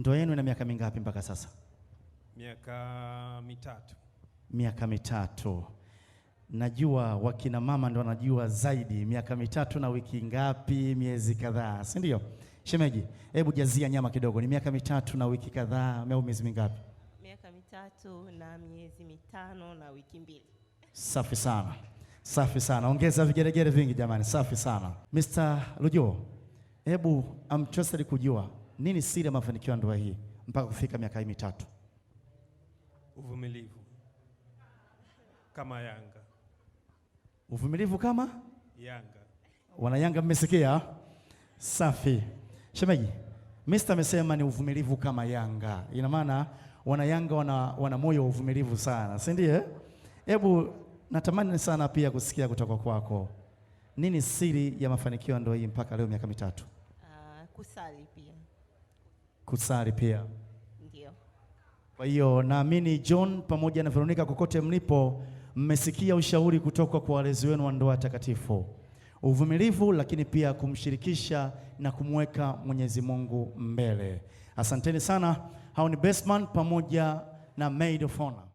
Ndoa yenu ina miaka mingapi mpaka sasa? Miaka mitatu. Miaka mitatu. Najua wakina mama ndo wanajua zaidi, miaka mitatu na wiki ngapi, miezi kadhaa, si ndio? Shemeji, hebu jazia nyama kidogo, ni miaka mitatu na wiki kadhaa au miezi mingapi? Miaka mitatu na miezi mitano na wiki mbili. Safi sana, safi sana, ongeza vigeregere vingi jamani, safi sana. Mr. Lujo, hebu I'm interested kujua nini siri ya mafanikio ya ndoa hii mpaka kufika miaka hii mitatu? Uvumilivu kama Yanga. Uvumilivu kama Yanga. Wana Yanga, mmesikia? Safi. Shemeji, Mr. amesema ni uvumilivu kama Yanga. Ina maana wana Yanga wana, wana moyo wa uvumilivu sana, si ndiye? Hebu natamani sana pia kusikia kutoka kwako. Nini siri ya mafanikio ya ndoa hii mpaka leo miaka mitatu? Uh, kusali pia kusali pia. Ndio. Kwa hiyo naamini John pamoja na Veronica, kokote mlipo, mmesikia ushauri kutoka kwa walezi wenu wa ndoa takatifu, uvumilivu, lakini pia kumshirikisha na kumweka Mwenyezi Mungu mbele. Asanteni sana. Hao ni Bestman pamoja na Maid of Honor.